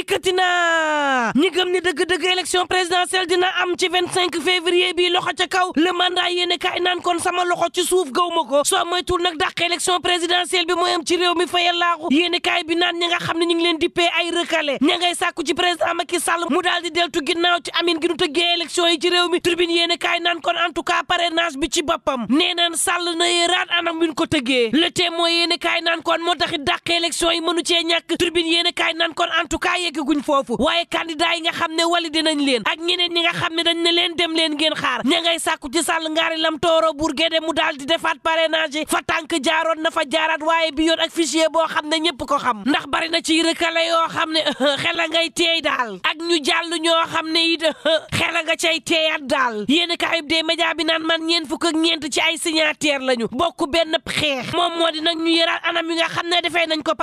dikkati na ñi gëm dëgg-dëgg élection présidentielle dina am ci 25 février bi loxo ca kaw le mandat yéene kaay naan kon sama loxo ci suuf gaw ma ko soo moytul nag dàq élection présidentielle bi mooy ci réew mi fayal laaxu yéene kaay bi naan ñi nga xam ne ñu ngi leen dippee ay recalé ña ngay ci président Macky Sall mu daal di deltu ginnaaw ci amin gi nu tëggee élection yi ci réew mi tribune yéene kaay naan kon en tout cas parrainage bi ci boppam nee naan Sall na ko tëggee le témoin yéene kaay naan kon moo yi mënu cee ñàkk tribune yéene kaay naan kon egguñ foofu waaye candidat yi nga xam ne wali dinañ leen ak ñeneen ñi nga xam ne dañ ne leen dem leen ngeen xaar ña ngay sàkku ci sàll ngaari lam tooro bur géde mu daal di defaat parrainage fa tànk jaaroon na fa jaaraat waaye bi yoon ak fichier boo xam ne ñëpp ko xam ndax bari na ci rëkkale yoo xam ne xel a ngay teey daal ak ñu jàll ñoo xam ne it xel a nga cay teeyat daal yéen kaayub des média bi naan man ñeent fukk ak ñeent ci ay signataire lañu bokk benn xeex moom moo di nag ñu yëraat anam yi nga xam ne defee nañ ko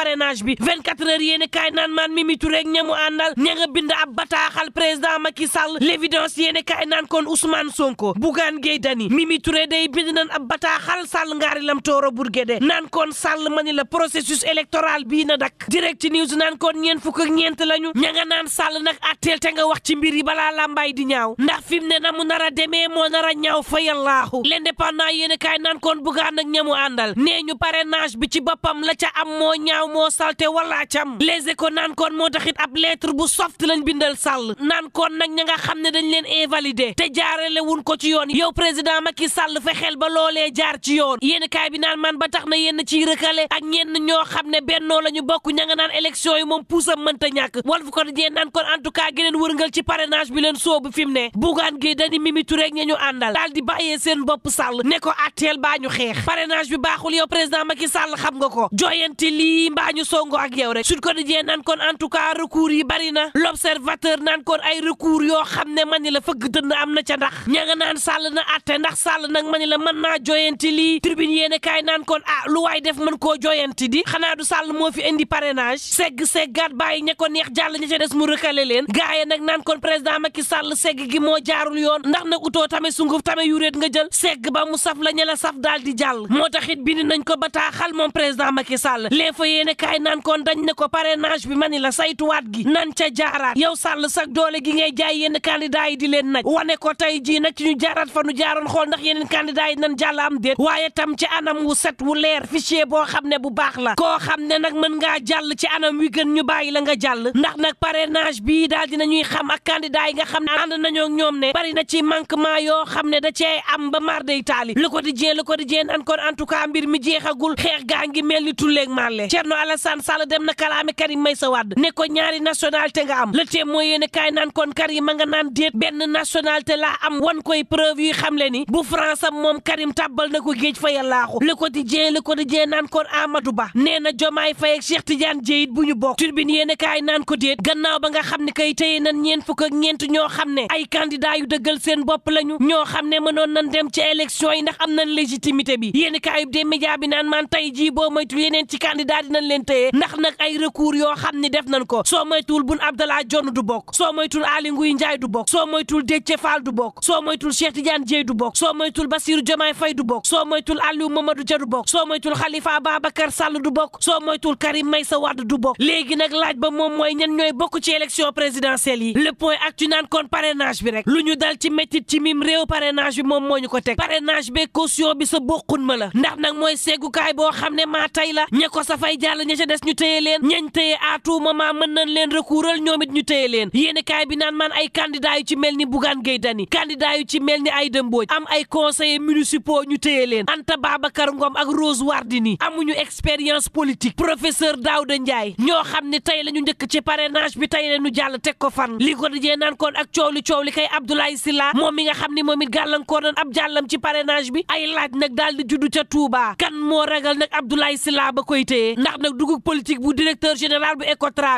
ñamu àndal ña nga bind ab bataaxal président Macky Sall l'évidence yéene kaay naan kon Ousmane Sonko Bougane Gueye Dany Mimi Touré day bind nan ab bataaxal Sall ngaari lam tooro Bourguédé naan kon Sall mani la processus électoral bii na dakk direct news naan kon ñeent fukk ak ñeent lañu ña nga naan Sall nag atteel te nga wax ci mbir yi balaa làmbaay di ñaaw ndax fi mu ne na mu nar a demee moo nar a ñaaw fa yallaahu l'indépendant yéene kaay naan kon Bougane ak ñamu àndal nee ñu parrainage bi ci boppam la ca am moo ñaaw moo salte wala cam les éco naan ab lettre bu soft lañ bindal Sall naan kon nag ña nga xam ne dañ leen invalidé te jaarale wuñ ko ci yoon yow président maki Sall fexeel ba loole jaar ci yoon yéen kaay bi naan man ba tax na yéen ci rëkkale ak ñenn ñoo xam ne bennoo la ñu bokk ña nga naan élection yi moom puusam mënta ñàkk Walf Quotidien naan kon en tout cas gi leen wërngal ci parrainage bi leen soobu fi mu ne bugaan gi dañu Mimi Touré ña ñu àndal daal di bàyyee seen bopp Sall ne ko atteel baa ñu xeex parrainage bi baaxul yow président Macky Sall xam nga ko jooyante lii mbaa ñu songo ak recours yi bari na l'observateur naan kon ay recours yoo xam ne mani la fëgg dënn am na ca ndax ña nga naan sàll na atte ndax sàll nag mani la man naa joyanti lii tribune yéene kaay naan kon ah lu waay def mën ko joyanti di xanaa du sàll moo fi indi parrainage segg seggaat bàyyi ña ko neex jàll ña ca des mu rëkkale leen gaaye nag naan kon président Macky Sall segg gi moo jaarul yoon ndax na utoo tame sunguf tame yuréet nga jël segg ba mu saf la ña la saf dal di jàll moo tax it bind nañ ko bataaxal moom président Macky Sall lee fa yéene kaay naan dañ ne ko parrainage bi mani la saytuwa waat gi nan ca jaaraat yow sàll sax doole gi ngay jaay yenn candidat yi di leen naj wane ko tey jii nag ci ñu jaaraat fa nu jaaroon xool ndax yeneen candidat yi nan jàll am déet waaye tam ci anam wu set wu leer fichier boo xam ne bu baax la koo xam ne nag mën nga jàll ci anam wi gën ñu bàyyi la nga jàll ndax nag pare parrainage bii daal dinañuy xam ak candidat yi nga xam ne ànd nañoo ñoom ne bari na ci manquement yoo xam ne da cee am ba mar day taali le quotidien le quotidien encore en tout cas mbir mi jeexagul xeex gaa ngi mel ni tulleeg màlle Thierno Alassane dem na kalaame Karim Meïssa Wade ne ko ñaar ñaari nationalité nga am le témoin yéen kaay naan kon Karim ma nga naan déet benn nationalité la am wan koy preuve yi xam le ni bu France am moom Karim tàbbal na ko géej fa yàllaaxu le quotidien le jee naan kon Amadou Ba nee na Jomaay Faye ak Cheikh Tidiane Dièye bu ñu bokk turbine yéen kaay naan ko déet gannaaw ba nga xam ne kay téye nan ñeent fukk ak ñeent ñoo xam ne ay candidat yu dëggal seen bopp lañu ñoo xam ne mënoon nañ dem ci élection yi nax am nañ légitimité bi yéen kaay de média bi naan man tey jii boo moytu yeneen ci candidat dinañ leen téye ndax nag ay recours yoo xam ne def nañ ko soo moytuwul Boun Abdallah Dionne du bokk soo moytuwul Aly Ngouille Ndiaye du bokk soo moytuwul Déthié Fall du bokk soo moytuwul Cheikh Tidiane Dièye du bokk soo moytuwul Bassirou Diomaye Faye du bokk soo moytuwul Aliou Mamadou Dia du bokk soo moytuwul Khalifa Ababacar Sall du bokk soo moytuwul Karim sa Wade du bokk léegi nag laaj ba moom mooy ñan ñooy bokk ci élection présidentielle yi le point actu naan kon parrainage bi rek lu ñu dal ci métit ci mim réew parrainage bi moom moo ñu ko teg parrainage bee caution bi sa bokkun ma la ndax nag mooy seggukaay boo xam ne maa tay la ña ko sa fay jàll ña ca des ñu téye leen ñañ à tout moment mën na dañ leen recours ñoom ñu téye leen yéen kaay bi naan man ay candidat yu ci mel ni Bougane Gueye Dany candidat yu ci mel ni Aïda Mbodj am ay conseillers municipaux ñu téye leen Anta Babacar Ngom ak Rose Wardini amuñu expérience politique professeur Daouda Ndiaye ñoo xam ne tey la ñu njëkk ci parrainage bi tey la ñu jàll teg ko fan li ko dajee naan kon ak coow li coow li kay Abdoulaye Sylla moom mi nga xam ni moom it gàllankoor nan ab jàllam ci parrainage bi ay laaj nag daal di juddu ca Touba kan moo ragal nag Abdoulaye Sylla ba koy téye ndax nag dugub politique bu directeur général bu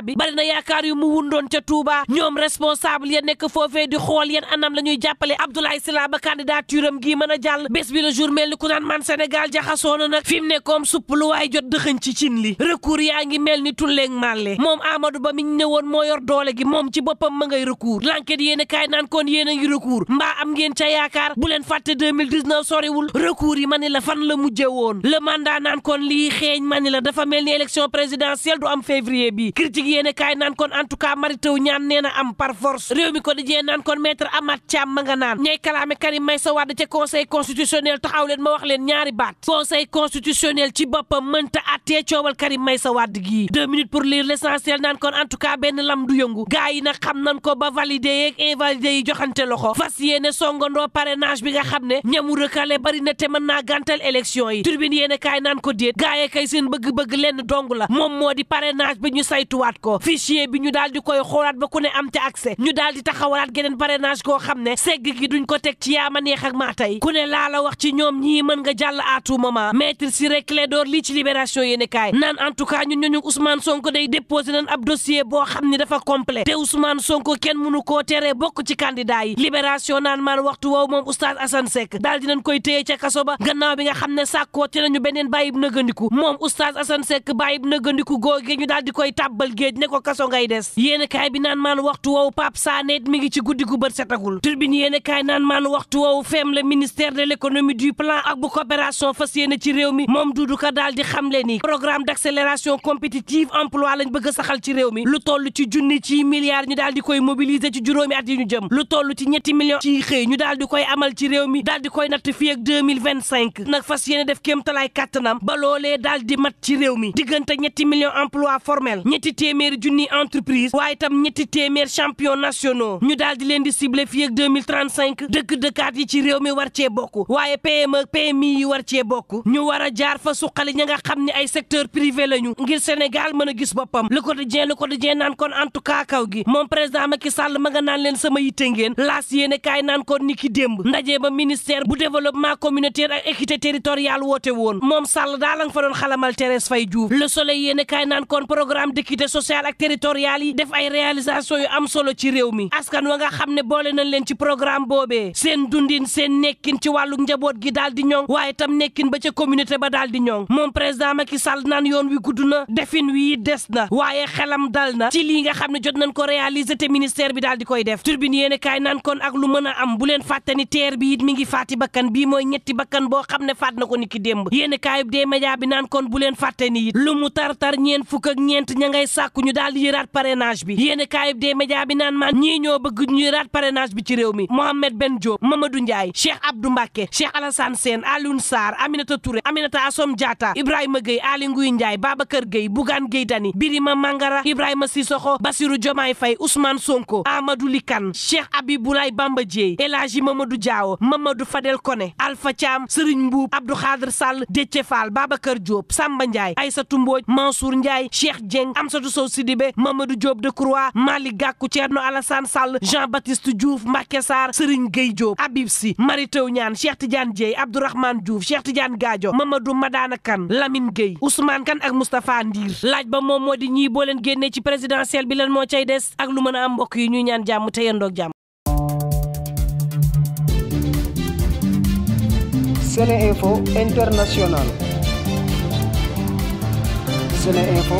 bi bari na yaakaar yu mu wundoon ca Touba ñoom responsable ya nekk foofee di xool yan anam la ñuy jàppale Abdoulaye Sylla ba candidature am mën a jàll bés bi le jour mel ni ku naan man Sénégal jaxasoo na fi mu ne comme supp lu jot dëxëñ ci cin li recours yaa ngi mel ni tulleeg màlle moom Amadou Ba mi ñu ne moo yor doole gi moom ci boppam ma ngay recours l'enquête yéen a kaay naan kon yéen a ngi recours mbaa am ngeen ca yaakaar bu leen fàtte 2019 soriwul recours yi ma ni la fan la mujje woon le mandat naan kon lii xeeñ ma ni la dafa mel ni élection présidentielle am février bi critique kaay naan kon en tout cas Mary Teuw Niane nee na am par force réew mi ko dijee naan kon maître Amath Thiam ma nga naan ñay kalaame Karim Meïssa Wade ca conseil constitutionnel taxaw leen ma wax leen ñaari baat conseil constitutionnel ci boppam mënta attee coowal Karim Meïssa Wade gii deux minutes pour lire l'essentiel naan kon en tout cas benn lam du yëngu gars yi nag xam nan ko ba validé yeeg invalidé yi joxante loxo fas yéene songandoo parrainage bi nga xam ne ñamu rëkkale bari na te mën naa gàntal élection yi turbine yéene kaay naan ko déet bëgg-bëgg lenn dong la moom moo di parrainage bi ñu saytuwaat ko fichier bi ñu daal di koy ba ku ne am te accès ñu daal di taxawalaat geneen koo xam ne segg gi duñ ko teg ci yaa ma ak maa tey ku ne laa la wax ci ñoom ñii mën nga jàll à tout moment maître Ciré Clédor lii ci libération yéen kaay naan en tout cas ñun ñooñu Ousmane Sonko day déposé nañ ab dossier boo xam ne dafa complet te Ousmane Sonko kenn mënu koo teree bokk ci candidat yi libération naan maan waxtu wow moom oustaz Assane Seck daal dinañ koy téye ca kaso ba gannaaw bi nga xam ne sàkkoo te nañu beneen bàyyib nëgandiku moom oustaz Assane Seck bàyyib nëgandiku googee ñu daal di koy tàbbal géej ne ko ko kaso ngay des yéen kaay bi naan maan waxtu woowu Pape Sané mi ngi ci guddi gu bët setagul turbine yéen kaay naan maan waxtu woowu feem la ministère de l'économie du plan ak bu coopération fas ci réew mi moom Doudou Ka daal di xamle ni programme d'accélération compétitive emploi lañ bëgg a saxal ci réew mi lu toll ci junni ci milliards ñu daal koy mobiliser ci juróomi at ñu jëm lu toll ci ñetti millions ci xëy ñu daal koy amal ci réew mi daal di mi diggante junni entreprise waaye tam ñetti téeméer champion nationaux ñu daal di leen di ciblé fii ak 2035 dëkk dëkkaat yi ci réew mi war cee bokk waaye PME PMI yi war cee bokk ñu war a jaar fa suqali ña nga xam ni ay secteur privé lañu ngir Sénégal mën a gis boppam Le Quotidien Le Quotidien naan kon en tout cas kaw gi moom président Macky Sall ma nga naan leen sama yitte ngeen laas yéene kaay nan kon ni ki démb ndajee ba ministère bu développement communautaire ak équité woote woon moom Sall daal la nga fa doon xalamal Thérèse Faye Diouf Le Soleil yéene kaay naan kon programme d'équité sociale ak territoriales yi def ay réalisation yu am solo ci réew mi askan wa nga xam ne boole nañ leen ci programme boobe seen dundin seen nekkin ci wàllu njaboot gi daal di ñoŋ waaye tam nekkin ba ca communauté ba daal di ñoŋ moom président Macky Sall naan yoon wi gudd na defin wii des na waaye xelam dal na ci li nga xam ne jot nañ ko réaliser te ministère bi daal di koy def turbine yéen kaay naan kon ak lu mën am bu leen fàtte ni teer bi it mi ngi faati bakkan bi mooy ñetti bakkan boo xam ne faat na ko ni ki démb yéen kaay dee média bi kon bu leen fàtte ni it lu mu tar tar ñeent fukk ak ñeent daal yëraat parrainage bi yéen kaayub des média bi naan maan ñii ñoo bëgg ñu yëraat parrainage bi ci réew mi Mohamed Ben Diop Mamadou Ndiaye Cheikh Abdou Mbacké Cheikh Alassane Sène Alioune Sarr Aminata Touré Aminata Assom Diatta Ibrahima Gueye Aly Ngouille Ndiaye Babacar Gueye Bougane Gueye Dany Birima Mangara Ibrahima Sissoko Bassirou Diomaye Faye Ousmane Sonko Amadou Ly Kane Cheikh Abiboulaye Bamba Dièye El Hadji Mamadou Diawo Mamadou Fadel Koné Alpha Thiam Serigne Mboup Abdou Khadre Sall Déthié Fall Babacar Diop Samba Ndiaye Aïssatou Mbodj Mansour Ndiaye Cheikh Dieng Amsatou Sow Sidibé Mamadou Diop Decroix Malick Gakou Thierno Alassane Sall Jean Baptiste Diouf Mbacké Sarr Serigne Gueye Diop Habib Sy Mary Teuw Niane ak Moustapha laaj ba moo di ñii boo ci présidentielle bi leen moo cay des ak lu mën mbokk yi ñuy ñaan jàmm jàmm SeneInfo